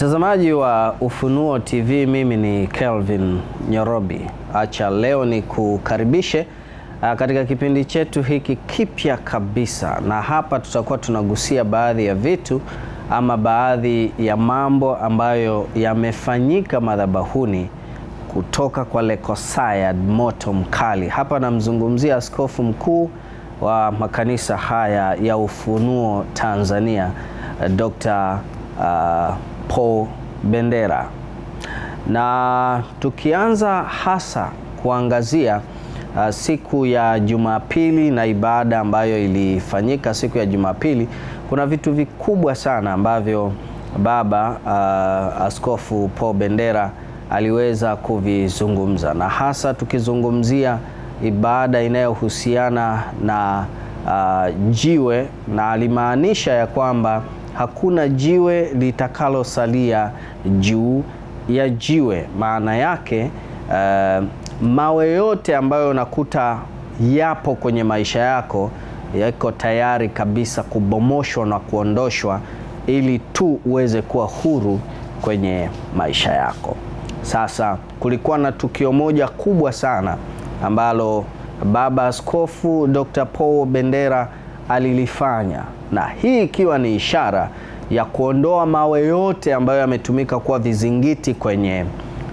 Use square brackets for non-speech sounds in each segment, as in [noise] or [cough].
Mtazamaji wa Ufunuo TV, mimi ni Kelvin Nyorobi. Acha leo ni kukaribishe ah, katika kipindi chetu hiki kipya kabisa, na hapa tutakuwa tunagusia baadhi ya vitu ama baadhi ya mambo ambayo yamefanyika madhabahuni kutoka kwa Lekosayad, moto mkali. Hapa namzungumzia askofu mkuu wa makanisa haya ya Ufunuo Tanzania, Dr. uh, ah, po Bendera, na tukianza hasa kuangazia uh, siku ya Jumapili na ibada ambayo ilifanyika siku ya Jumapili, kuna vitu vikubwa sana ambavyo baba uh, Askofu Po Bendera aliweza kuvizungumza na hasa tukizungumzia ibada inayohusiana na uh, jiwe na alimaanisha ya kwamba hakuna jiwe litakalosalia juu ya jiwe. Maana yake uh, mawe yote ambayo unakuta yapo kwenye maisha yako yako tayari kabisa kubomoshwa na kuondoshwa ili tu uweze kuwa huru kwenye maisha yako. Sasa kulikuwa na tukio moja kubwa sana ambalo Baba Askofu Dr. Paul Bendera alilifanya, na hii ikiwa ni ishara ya kuondoa mawe yote ambayo yametumika kuwa vizingiti kwenye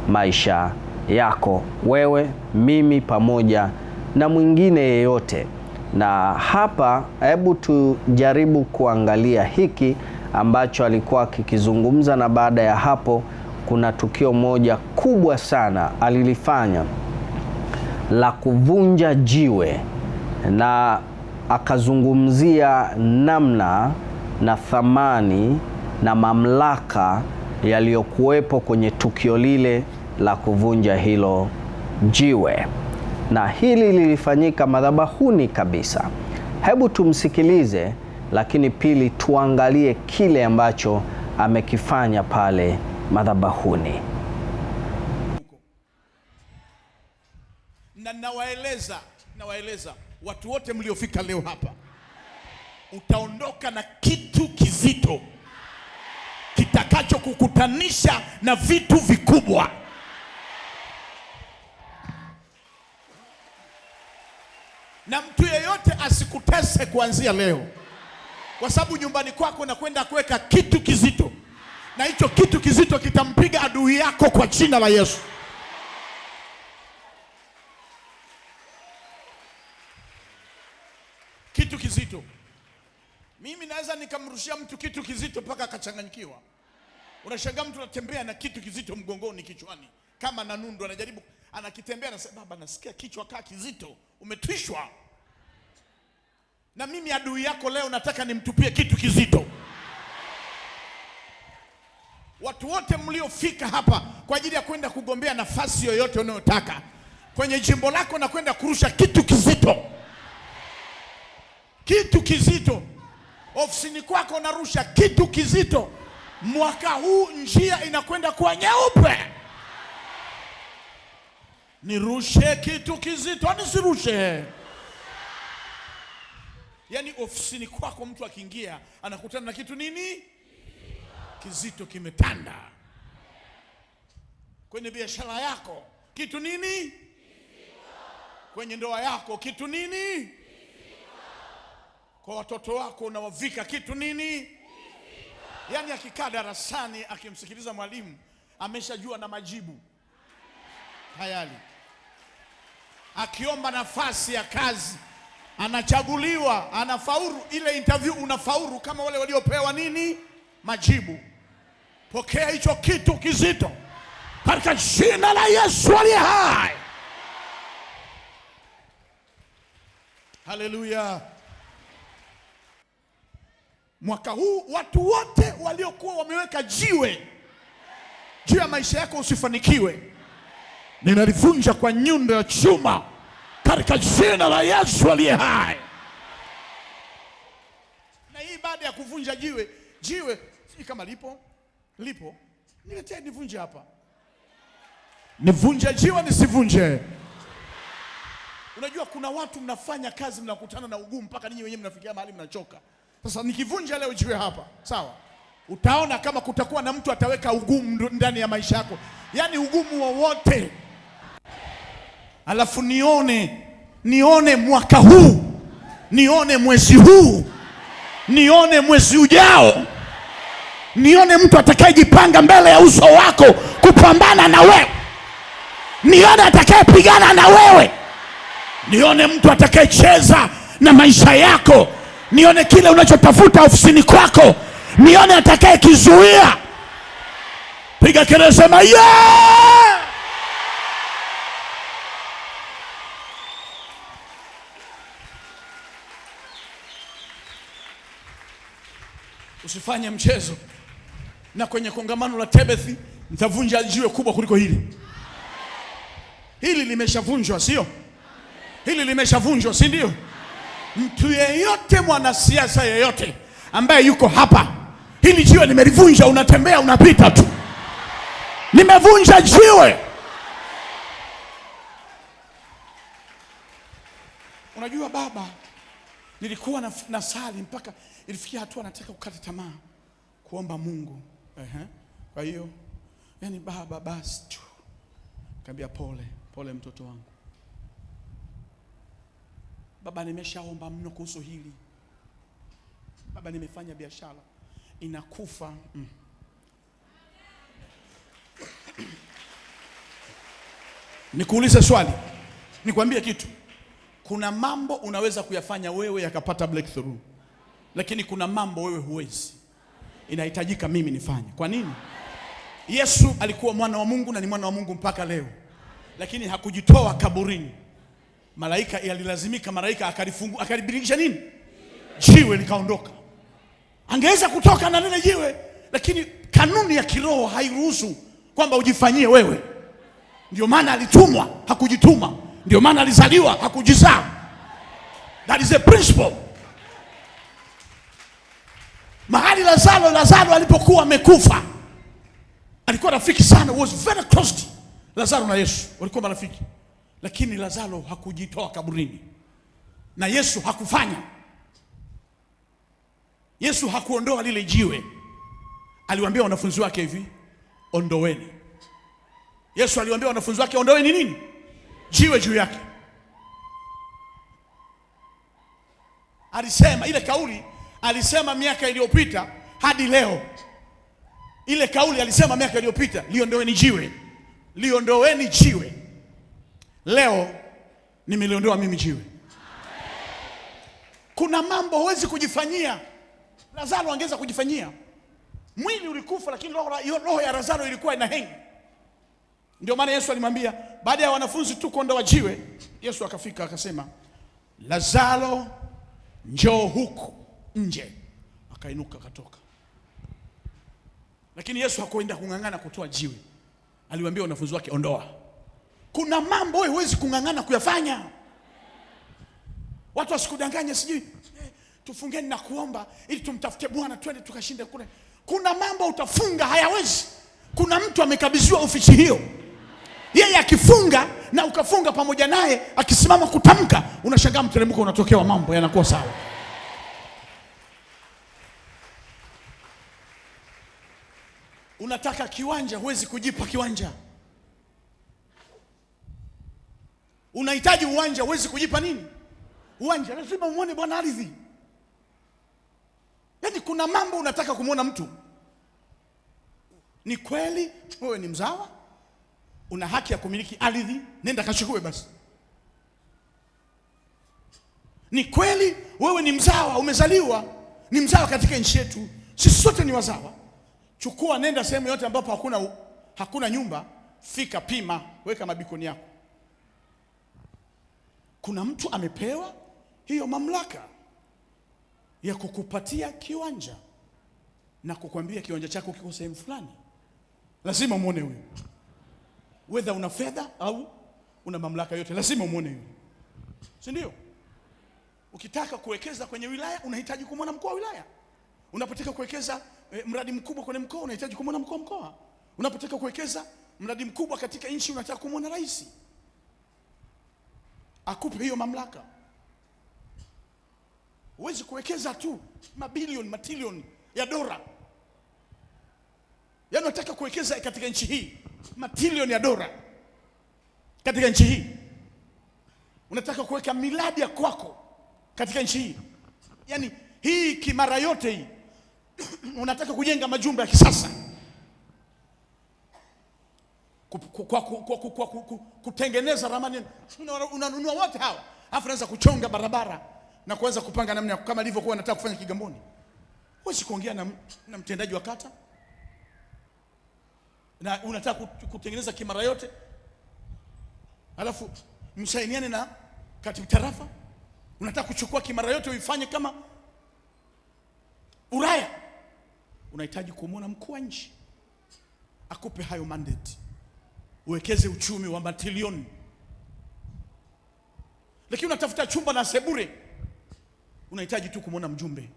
maisha yako wewe, mimi, pamoja na mwingine yeyote. Na hapa, hebu tujaribu kuangalia hiki ambacho alikuwa akikizungumza, na baada ya hapo kuna tukio moja kubwa sana alilifanya la kuvunja jiwe na akazungumzia namna na thamani na mamlaka yaliyokuwepo kwenye tukio lile la kuvunja hilo jiwe, na hili lilifanyika madhabahuni kabisa. Hebu tumsikilize, lakini pili tuangalie kile ambacho amekifanya pale madhabahuni. Na nawaeleza nawaeleza watu wote mliofika leo hapa, utaondoka na kitu kizito kitakachokukutanisha na vitu vikubwa. Na mtu yeyote asikutese kuanzia leo, kwa sababu nyumbani kwako nakwenda kuweka kitu kizito, na hicho kitu kizito kitampiga adui yako kwa jina la Yesu. Mimi naweza nikamrushia mtu kitu kizito mpaka akachanganyikiwa. Unashangaa mtu anatembea na kitu kizito mgongoni, kichwani kama nanundu, anajaribu anakitembea, anasema baba, nasikia kichwa kaa kizito, umetwishwa. Na mimi adui yako leo nataka nimtupie kitu kizito. Watu wote mliofika hapa kwa ajili ya kwenda kugombea nafasi yoyote unayotaka kwenye jimbo lako na kwenda kurusha kitu kizito, kitu kizito ofisini kwako unarusha kitu kizito, mwaka huu njia inakwenda kuwa nyeupe. Nirushe kitu kizito, nisirushe Yaani, ofisini kwako mtu akiingia anakutana na kitu nini kizito kimetanda. Kwenye biashara yako kitu nini, kwenye ndoa yako kitu nini, kwa watoto wako unawavika kitu nini? Yaani akikaa darasani akimsikiliza mwalimu ameshajua na majibu tayari, akiomba nafasi ya kazi anachaguliwa, anafaulu ile interview, unafaulu kama wale waliopewa nini, majibu. Pokea hicho kitu kizito katika jina la Yesu aliye hai. Haleluya. Mwaka huu watu wote waliokuwa wameweka jiwe juu ya maisha yako usifanikiwe, ninalivunja kwa nyundo ya chuma katika jina la Yesu aliye hai. Na hii baada ya kuvunja jiwe, jiwe si kama lipo lipo, niletee nivunje hapa, nivunje jiwe nisivunje. Unajua kuna watu mnafanya kazi mnakutana na ugumu mpaka ninyi wenyewe mnafikia mahali mnachoka. Sasa nikivunja leo jiwe hapa, sawa, utaona kama kutakuwa na mtu ataweka ugumu ndani ya maisha yako, yaani ugumu wowote, alafu nione nione mwaka huu, nione mwezi huu, nione mwezi ujao, nione mtu atakayejipanga mbele ya uso wako kupambana na wewe, nione atakayepigana na wewe, nione mtu atakayecheza na maisha yako nione kile unachotafuta ofisini kwako, nione atakaye kizuia. Piga kelele, sema yeah! Usifanye mchezo na kwenye kongamano la Tebethi nitavunja jiwe kubwa kuliko hili. Hili limeshavunjwa, sio? Hili limeshavunjwa, si ndio? Mtu yeyote, mwanasiasa yeyote ambaye yuko hapa, hili jiwe nimelivunja, unatembea unapita tu, nimevunja jiwe. Unajua baba, nilikuwa na, na sali mpaka ilifikia hatua nataka kukata tamaa kuomba Mungu. Ehe. Kwa hiyo yani, baba basi tu, kaambia pole pole, mtoto wangu Baba, nimeshaomba mno kuhusu hili Baba, nimefanya biashara inakufa mm. Nikuulize swali, nikwambie kitu. Kuna mambo unaweza kuyafanya wewe yakapata breakthrough, lakini kuna mambo wewe huwezi, inahitajika mimi nifanye. Kwa nini? Yesu alikuwa mwana wa Mungu na ni mwana wa Mungu mpaka leo, lakini hakujitoa kaburini malaika yalilazimika, malaika akalifungua, akalibiringisha nini, jiwe likaondoka. Angeweza kutoka na lile jiwe, lakini kanuni ya kiroho hairuhusu kwamba ujifanyie wewe. Ndio maana alitumwa, hakujituma. Ndio maana alizaliwa, hakujizaa. That is a principle. Mahali Lazaro Lazaro alipokuwa amekufa alikuwa rafiki sana, was very close. Lazaro na Yesu walikuwa marafiki lakini Lazaro hakujitoa kaburini na Yesu hakufanya. Yesu hakuondoa lile jiwe, aliwaambia wanafunzi wake hivi, ondoweni. Yesu aliwaambia wanafunzi wake ondoweni nini? Jiwe juu yake. Alisema ile kauli alisema miaka iliyopita hadi leo. Ile kauli alisema miaka iliyopita, liondoweni jiwe, liondoweni jiwe Leo nimeliondoa mimi jiwe. Kuna mambo huwezi kujifanyia. Lazaro angeweza kujifanyia. Mwili ulikufa, lakini roho ya Lazaro ilikuwa ina hengi. Ndio maana Yesu alimwambia, baada ya wanafunzi tu kuondoa jiwe, Yesu akafika akasema, Lazaro njoo huku nje. Akainuka akatoka, lakini Yesu hakuenda kung'ang'ana kutoa jiwe, aliwaambia wanafunzi wake, ondoa kuna mambo wewe huwezi kung'ang'ana kuyafanya. Watu wasikudanganye, sijui tufungeni na kuomba ili tumtafute Bwana, twende tukashinde kule. Kuna mambo utafunga hayawezi. Kuna mtu amekabidhiwa ofisi hiyo, yeye akifunga na ukafunga pamoja naye, akisimama kutamka, unashangaa mteremko unatokea, mambo yanakuwa sawa. Unataka kiwanja, huwezi kujipa kiwanja. Unahitaji uwanja, huwezi kujipa nini uwanja, lazima umwone bwana ardhi. Yaani kuna mambo unataka kumwona mtu. Ni kweli wewe ni mzawa, una haki ya kumiliki ardhi, nenda kachukue basi. Ni kweli wewe ni mzawa, umezaliwa ni mzawa katika nchi yetu, sisi sote ni wazawa. Chukua, nenda sehemu yote ambapo hakuna, hakuna nyumba, fika, pima, weka mabikoni yako kuna mtu amepewa hiyo mamlaka ya kukupatia kiwanja na kukwambia kiwanja chako kiko sehemu fulani, lazima umwone huyo, whether una fedha au una mamlaka yote, lazima umwone huyo, si ndio? Ukitaka kuwekeza kwenye wilaya unahitaji kumwona mkuu wa wilaya. Unapotaka kuwekeza eh, mradi mkubwa kwenye mkoa unahitaji kumwona mkuu wa mkoa. Unapotaka kuwekeza mradi mkubwa katika nchi unataka kumwona rais akupe hiyo mamlaka. Huwezi kuwekeza tu mabilioni matilioni ya dola, yaani nataka kuwekeza katika nchi hii matilioni ya dola katika nchi hii, unataka kuweka miradi ya kwako katika nchi hii, yaani hii kimara yote hii [clears throat] unataka kujenga majumba ya kisasa kwa, kutengeneza ramani. Unanunua wote hawa afu naweza kuchonga barabara na kuweza kupanga namna kama ilivyokuwa nataka kufanya Kigamboni. Huwezi kuongea na, na mtendaji wa kata na unataka kutengeneza kimara yote, alafu msainiane na katibu tarafa, unataka kuchukua kimara yote uifanye kama Uraya. Unahitaji kumwona mkuu wa nchi akupe hayo mandate uwekeze uchumi wa matilioni, lakini unatafuta chumba na sebure, unahitaji tu kumwona mjumbe.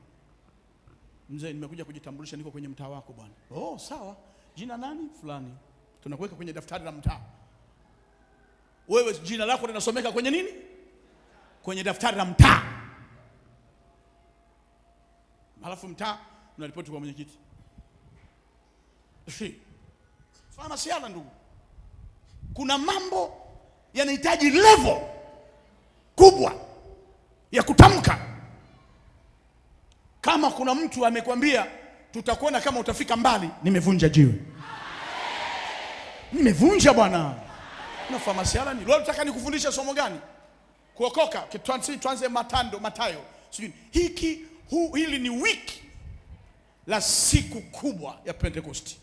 Mzee, nimekuja kujitambulisha, niko kwenye mtaa wako bwana. Oh, sawa, jina nani? Fulani. Tunakuweka kwenye daftari la mtaa. Wewe jina lako linasomeka kwenye nini? Kwenye daftari la mtaa. Halafu mtaa unaripoti kwa mwenyekiti. [laughs] siana ndugu kuna mambo yanahitaji level kubwa ya kutamka. Kama kuna mtu amekwambia tutakuona kama utafika mbali, nimevunja jiwe, nimevunja bwana. Nafamasialani leo nataka nikufundisha somo gani? Kuokoka twanze matando Matayo sijui hiki hu, hili ni wiki la siku kubwa ya Pentekosti.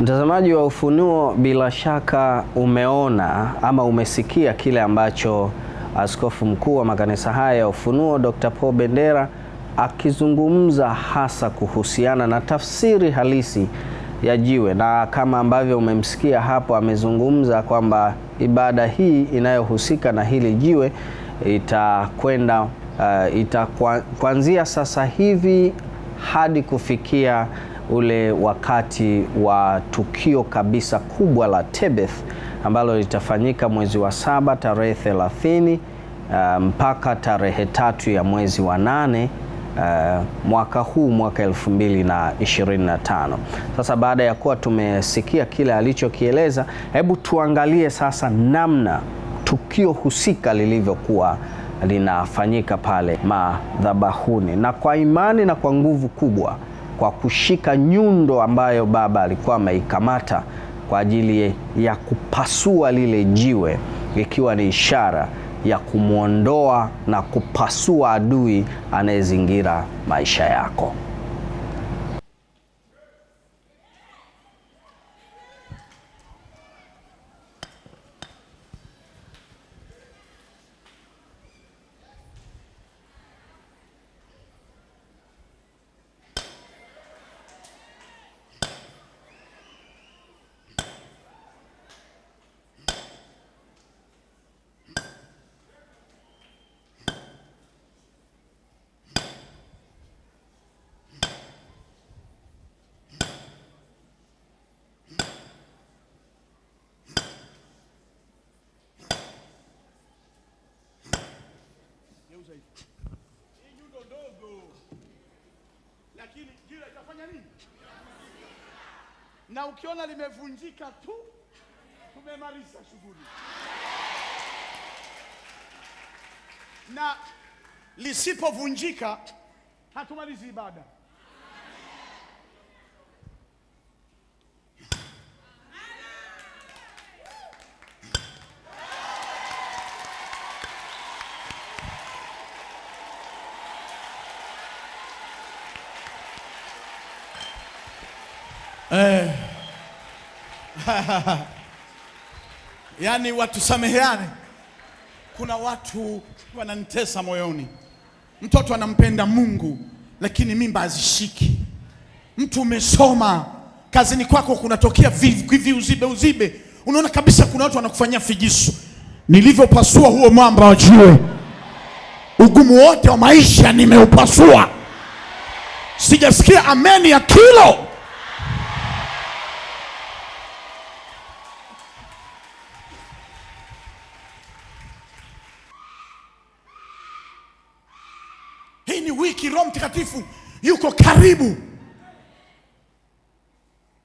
Mtazamaji wa Ufunuo, bila shaka umeona ama umesikia kile ambacho askofu mkuu wa makanisa haya ya Ufunuo Dr. Paul Bendera akizungumza hasa kuhusiana na tafsiri halisi ya jiwe, na kama ambavyo umemsikia hapo, amezungumza kwamba ibada hii inayohusika na hili jiwe itakwenda uh, itakuanzia sasa hivi hadi kufikia ule wakati wa tukio kabisa kubwa la Tebeth ambalo litafanyika mwezi wa saba tarehe thelathini uh, mpaka tarehe tatu ya mwezi wa nane uh, mwaka huu mwaka elfu2 na tano. Sasa baada ya kuwa tumesikia kile alichokieleza, hebu tuangalie sasa namna tukio husika lilivyokuwa linafanyika pale madhabahuni, na kwa imani na kwa nguvu kubwa kwa kushika nyundo ambayo baba alikuwa ameikamata kwa ajili ya kupasua lile jiwe, ikiwa ni ishara ya kumwondoa na kupasua adui anayezingira maisha yako. hivi. Hii nyundo ndogo, lakini nini? Na ukiona limevunjika tu, tumemaliza shughuli na lisipovunjika hatumalizi ibada. [laughs] Yaani watu sameheane. Kuna watu wananitesa moyoni. Mtoto anampenda Mungu lakini mimba hazishiki. Mtu umesoma, kazini kwako kunatokea vivi uzibe uzibe, unaona kabisa kuna watu wanakufanyia figisu. Nilivyopasua huo mwamba wajue, ugumu wote wa maisha nimeupasua. Sijasikia ameni ya kilo unahisi Roho Mtakatifu yuko karibu,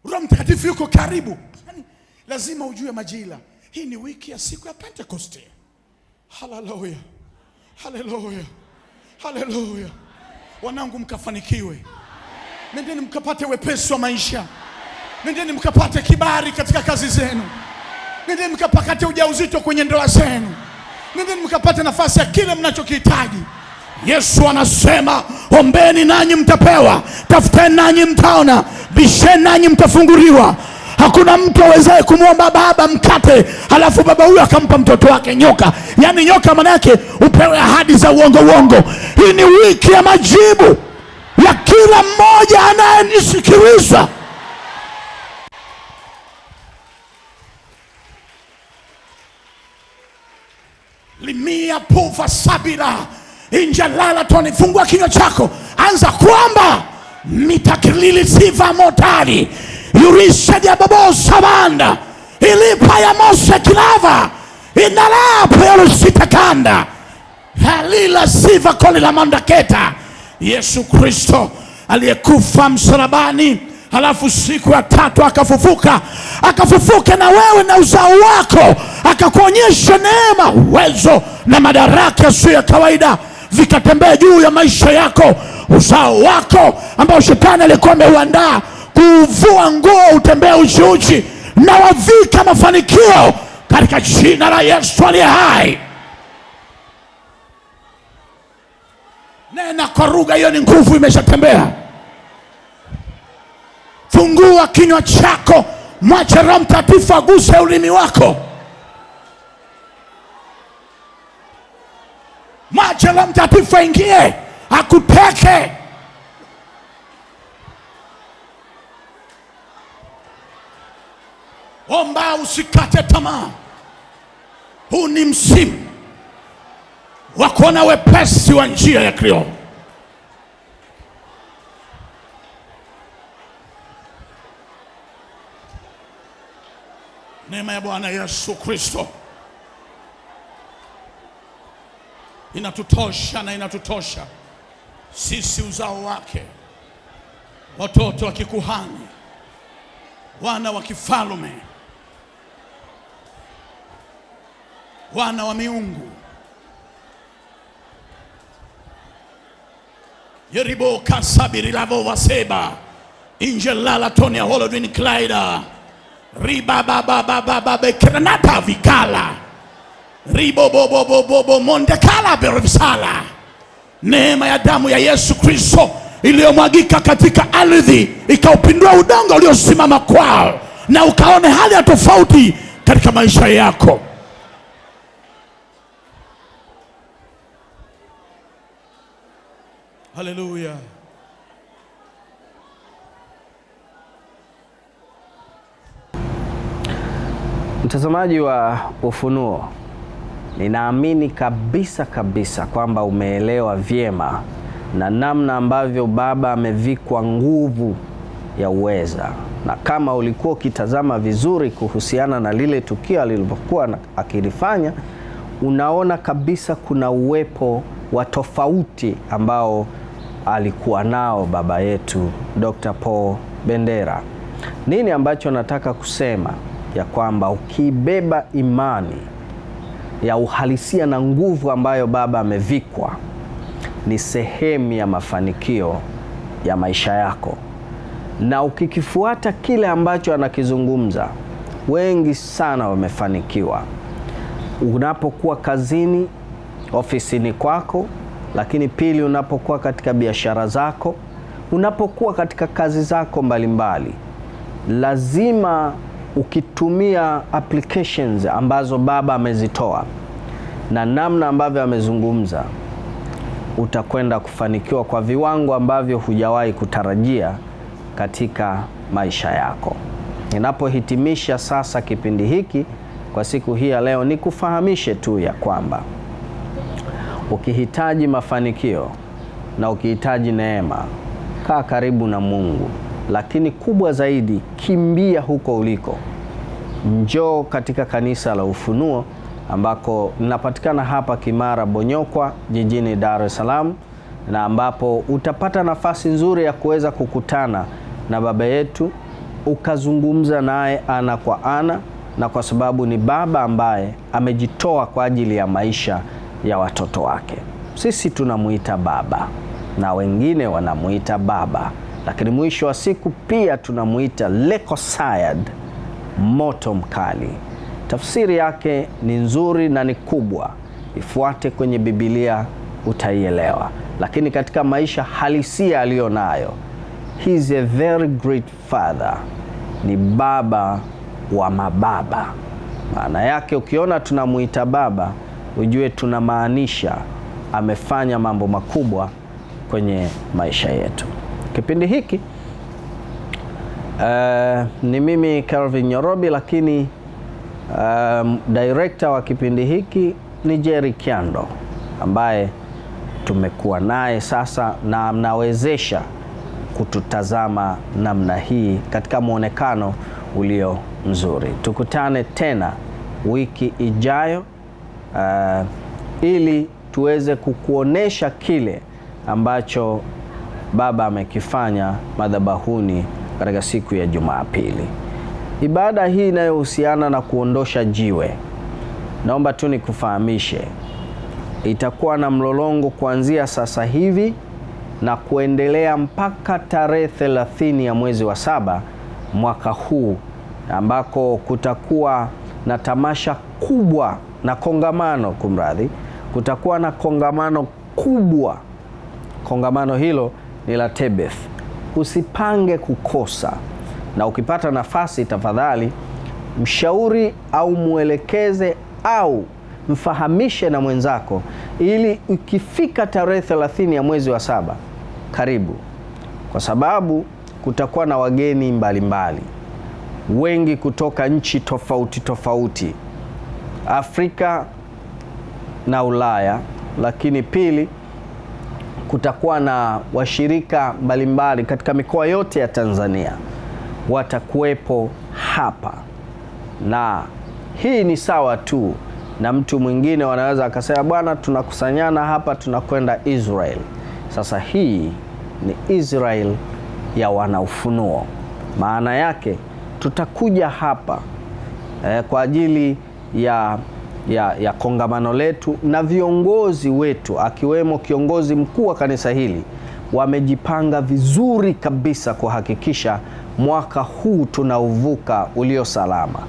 Roho Mtakatifu yuko karibu. Yani, lazima ujue majira. Hii ni wiki ya siku ya Pentekoste. Haleluya, haleluya, haleluya! Wanangu, mkafanikiwe, nendeni mkapate wepesi wa maisha, nendeni mkapate kibari katika kazi zenu, nendeni mkapakate ujauzito kwenye ndoa zenu, nendeni mkapate nafasi ya kile mnachokihitaji. Yesu anasema ombeni nanyi mtapewa, tafuteni nanyi mtaona, bisheni nanyi mtafunguliwa Hakuna mtu awezaye kumwomba baba mkate halafu baba huyo akampa mtoto wake nyoka. Yaani nyoka maana yake upewe ahadi za uongo uongo. Hii ni wiki ya majibu ya kila mmoja anayenisikiliza. limia puva sabira inja lala toni, fungua kinywa chako, anza kuomba siva motari sabanda ilipa ya mose kilava inalapo kanda halila siva koli la mandaketa. Yesu Kristo aliyekufa msalabani, halafu siku ya tatu akafufuka, akafufuka na wewe na uzao wako, akakuonyesha neema, uwezo na madaraka yasiyo ya kawaida vikatembea juu ya maisha yako, uzao wako ambao shetani alikuwa ameuandaa kuuvua nguo utembea uchiuchi, na wavika mafanikio katika jina la Yesu aliye hai. Nena kwa lugha, hiyo ni nguvu imeshatembea. Fungua kinywa chako, mwache Roho Mtakatifu aguse ulimi wako. ache Roho Mtakatifu aingie akuteke. Omba, usikate tamaa. Huu ni msimu wa kuona wepesi wa njia ya Kristo. Neema ya Bwana Yesu Kristo inatutosha na inatutosha sisi uzao wake, watoto wa kikuhani, wana wa kifalume, wana wa miungu. yeribo kasabirilavo waseba injelala tonia holodwin klaida ribabababababekranata vikala ribobobobobobo mondekala Neema ya damu ya Yesu Kristo iliyomwagika katika ardhi ikaupindua udongo uliosimama kwao, na ukaone hali ya tofauti katika maisha yako. Haleluya. Mtazamaji wa Ufunuo Ninaamini kabisa kabisa kwamba umeelewa vyema na namna ambavyo Baba amevikwa nguvu ya uweza, na kama ulikuwa ukitazama vizuri kuhusiana na lile tukio alilivyokuwa akilifanya, unaona kabisa kuna uwepo wa tofauti ambao alikuwa nao baba yetu Dr. Paul Bendera. Nini ambacho nataka kusema ya kwamba ukiibeba imani ya uhalisia na nguvu ambayo Baba amevikwa ni sehemu ya mafanikio ya maisha yako, na ukikifuata kile ambacho anakizungumza, wengi sana wamefanikiwa. Unapokuwa kazini, ofisini kwako, lakini pili, unapokuwa katika biashara zako, unapokuwa katika kazi zako mbalimbali mbali, lazima ukitumia applications ambazo baba amezitoa na namna ambavyo amezungumza, utakwenda kufanikiwa kwa viwango ambavyo hujawahi kutarajia katika maisha yako. Ninapohitimisha sasa kipindi hiki kwa siku hii ya leo, ni kufahamishe tu ya kwamba ukihitaji mafanikio na ukihitaji neema, kaa karibu na Mungu lakini kubwa zaidi, kimbia huko uliko, njoo katika kanisa la Ufunuo ambako linapatikana hapa Kimara Bonyokwa, jijini Dar es Salaam, na ambapo utapata nafasi nzuri ya kuweza kukutana na baba yetu ukazungumza naye ana kwa ana, na kwa sababu ni baba ambaye amejitoa kwa ajili ya maisha ya watoto wake. Sisi tunamuita baba na wengine wanamuita baba lakini mwisho wa siku pia tunamwita lekosayad, moto mkali. Tafsiri yake ni nzuri na ni kubwa, ifuate kwenye Bibilia utaielewa, lakini katika maisha halisia aliyo nayo, he is a very great father, ni baba wa mababa. Maana yake ukiona tunamwita baba, ujue tunamaanisha amefanya mambo makubwa kwenye maisha yetu. Kipindi hiki uh, ni mimi calvin Nyorobi, lakini um, director wa kipindi hiki ni Jerry Kiando ambaye tumekuwa naye sasa na mnawezesha kututazama namna hii katika mwonekano ulio mzuri. Tukutane tena wiki ijayo uh, ili tuweze kukuonesha kile ambacho baba amekifanya madhabahuni katika siku ya Jumapili. Ibada hii inayohusiana na kuondosha jiwe, naomba tu nikufahamishe, itakuwa na mlolongo kuanzia sasa hivi na kuendelea mpaka tarehe 30 ya mwezi wa saba mwaka huu, ambako kutakuwa na tamasha kubwa na kongamano, kumradhi, kutakuwa na kongamano kubwa. Kongamano hilo ni la Tebeth. Usipange kukosa, na ukipata nafasi, tafadhali mshauri au mwelekeze au mfahamishe na mwenzako, ili ikifika tarehe 30 ya mwezi wa saba karibu, kwa sababu kutakuwa na wageni mbalimbali mbali, wengi kutoka nchi tofauti tofauti Afrika na Ulaya, lakini pili kutakuwa na washirika mbalimbali katika mikoa yote ya Tanzania watakuwepo hapa, na hii ni sawa tu na mtu mwingine wanaweza akasema, bwana, tunakusanyana hapa, tunakwenda Israel. Sasa hii ni Israel ya wanaufunuo, maana yake tutakuja hapa eh, kwa ajili ya ya, ya kongamano letu na viongozi wetu akiwemo kiongozi mkuu wa kanisa hili wamejipanga vizuri kabisa kuhakikisha mwaka huu tunauvuka ulio salama.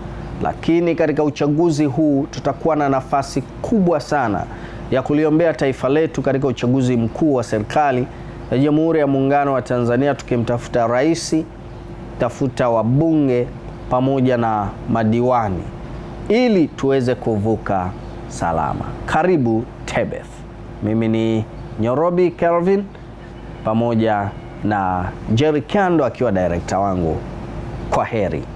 Lakini katika uchaguzi huu tutakuwa na nafasi kubwa sana ya kuliombea taifa letu katika uchaguzi mkuu wa serikali ya Jamhuri ya Muungano wa Tanzania, tukimtafuta rais, tafuta wabunge pamoja na madiwani ili tuweze kuvuka salama. Karibu Tebeth. Mimi ni Nyorobi Kelvin pamoja na Jerry Kando akiwa direkta wangu. Kwa heri.